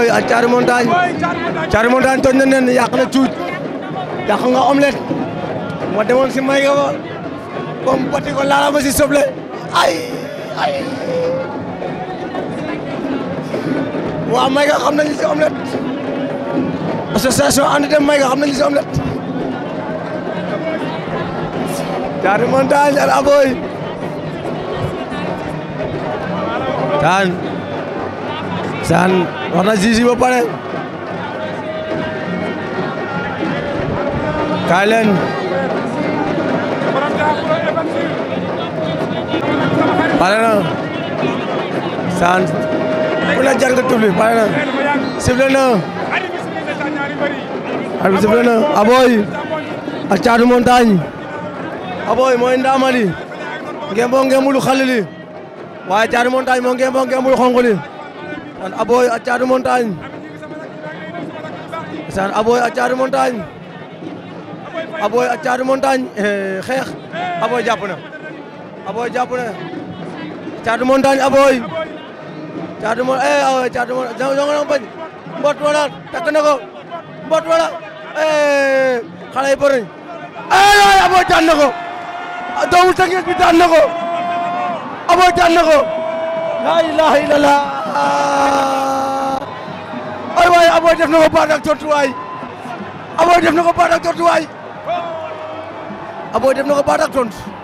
Boy ak Thiatou Montagne Thiatou Montagne toj na nen yàq na cuuj yàq may nga ba comme bati ko laala ma ay ay waa may nga xam nañu si omelette association ànd dem may nga xam nañu si omelette Thiatou Montagne ak Aboy Saan Saan wax na Zizi ba pare kaay leen pare na saan ku la jar nga tufli pare na sifle na arbi sifle na aboy a caatu montagne aboy mooy ndaamali ngeen boo ngeen mulu xalili caatu montagne moo ngeen boo ngeen san aboy a caatu montagne san a caatu montagne aboy a caatu montagne eh, xeex aboy jàpp na aboy jàpp na caatu montagne aboy caatu mo eh awoy caatu mo jongo na bañ mbot wala takk ko mbot wala eh yi bëri eh, ay aboy daan na ko doomu Tëngéej bi daan na ko aboy daan na la ilaha illallah Ah. ay waay Aboy def na ko baat ak tontuwaay Aboy def na ko baat ak tontuwaay Aboy def na ko baat ak tontu